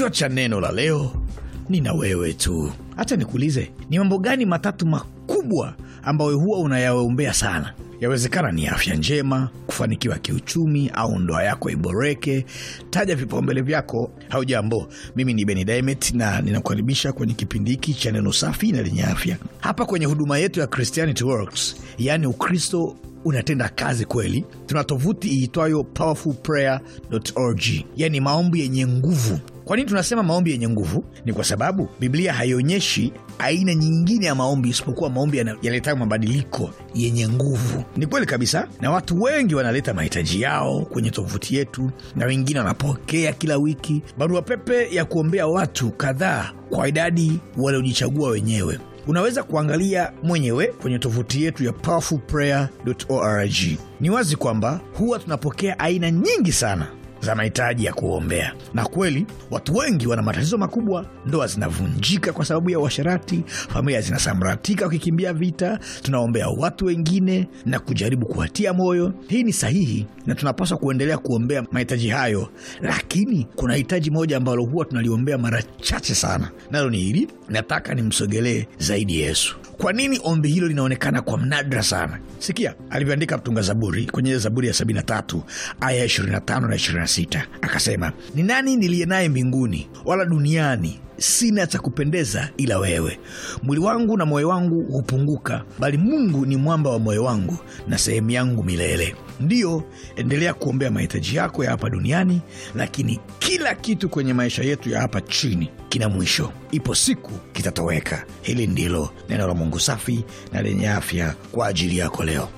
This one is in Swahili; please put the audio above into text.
Kichwa cha neno la leo ni na wewe tu. Hacha nikuulize, ni mambo gani matatu makubwa ambayo huwa unayaombea sana? Yawezekana ni afya njema, kufanikiwa kiuchumi, au ndoa yako iboreke. Taja vipaumbele vyako. Haujambo, mimi ni Beni Dimet na ninakukaribisha kwenye kipindi hiki cha neno safi na lenye afya hapa kwenye huduma yetu ya Christianity Works, yaani Ukristo unatenda kazi kweli. Tuna tovuti iitwayo powerfulprayer.org, yani maombi yenye nguvu. Kwa nini tunasema maombi yenye nguvu? Ni kwa sababu Biblia haionyeshi aina nyingine ya maombi isipokuwa maombi yaletayo mabadiliko yenye nguvu. Ni kweli kabisa, na watu wengi wanaleta mahitaji yao kwenye tovuti yetu, na wengine wanapokea kila wiki barua pepe ya kuombea watu kadhaa kwa idadi waliojichagua wenyewe unaweza kuangalia mwenyewe kwenye tovuti yetu ya powerfulprayer.org. Ni wazi kwamba huwa tunapokea aina nyingi sana za mahitaji ya kuombea. Na kweli watu wengi wana matatizo makubwa, ndoa zinavunjika kwa sababu ya uasherati, familia zinasambaratika wakikimbia vita. Tunaombea watu wengine na kujaribu kuwatia moyo. Hii ni sahihi na tunapaswa kuendelea kuombea mahitaji hayo, lakini kuna hitaji moja ambalo huwa tunaliombea mara chache sana, nalo ni hili: nataka nimsogelee zaidi Yesu. Kwa nini ombi hilo linaonekana kwa mnadra sana? Sikia alivyoandika mtunga Zaburi kwenye Zaburi ya 73 aya ya 25 na 26, akasema ni nani niliye naye mbinguni, wala duniani sina cha kupendeza ila wewe. Mwili wangu na moyo wangu hupunguka, bali Mungu ni mwamba wa moyo wangu na sehemu yangu milele. Ndiyo, endelea kuombea mahitaji yako ya hapa duniani, lakini kila kitu kwenye maisha yetu ya hapa chini kina mwisho. Ipo siku kitatoweka. Hili ndilo neno la Mungu safi na lenye afya kwa ajili yako leo.